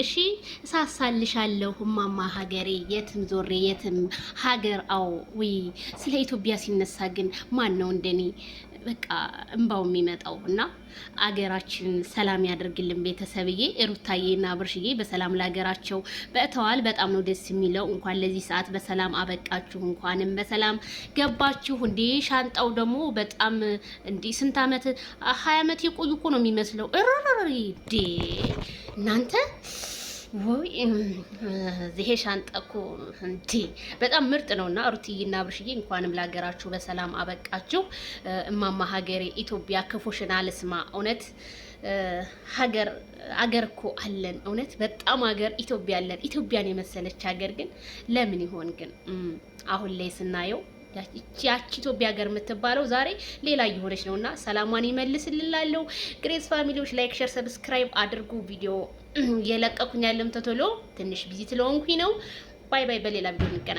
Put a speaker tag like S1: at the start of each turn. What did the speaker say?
S1: ሳስቅሽ እሳሳልሻለሁ እማማ ሀገሬ የትም ዞሬ የትም ሀገር አው ውይ ስለ ኢትዮጵያ ሲነሳ ግን ማን ነው እንደኔ በቃ እንባው የሚመጣው እና አገራችን ሰላም ያደርግልን። ቤተሰብዬ እና ብርሽዬ በሰላም ለሀገራቸው በእተዋል። በጣም ነው ደስ የሚለው። እንኳን ለዚህ ሰዓት በሰላም አበቃችሁ፣ እንኳንም በሰላም ገባችሁ። እንዴ ሻንጣው ደግሞ በጣም እንዲ ስንት ዓመት ሀያ ዓመት የቆዩ እኮ ነው የሚመስለው። እርርር እናንተ ወይ ይሄ ሻንጣ እኮ እንዲ በጣም ምርጥ ነው። እና ሩትዬና አብርሽዬ እንኳንም ለሀገራችሁ በሰላም አበቃችሁ። እማማ ሀገሬ ኢትዮጵያ ክፉሽን አልስማ። እውነት ሀገር አገር እኮ አለን። እውነት በጣም ሀገር ኢትዮጵያ አለን። ኢትዮጵያን የመሰለች ሀገር ግን ለምን ይሆን ግን አሁን ላይ ስናየው ያቺ ኢትዮጵያ ሀገር የምትባለው ዛሬ ሌላ እየሆነች ነው እና ሰላሟን ይመልስልላለሁ። ግሬስ ፋሚሊዎች ላይክ፣ ሸር፣ ሰብስክራይብ አድርጉ። ቪዲዮ የለቀኩኝ ያለም ተቶሎ ትንሽ ቢዚ ስለሆንኩኝ ነው። ባይ ባይ። በሌላ ቪዲዮ እንገናኝ።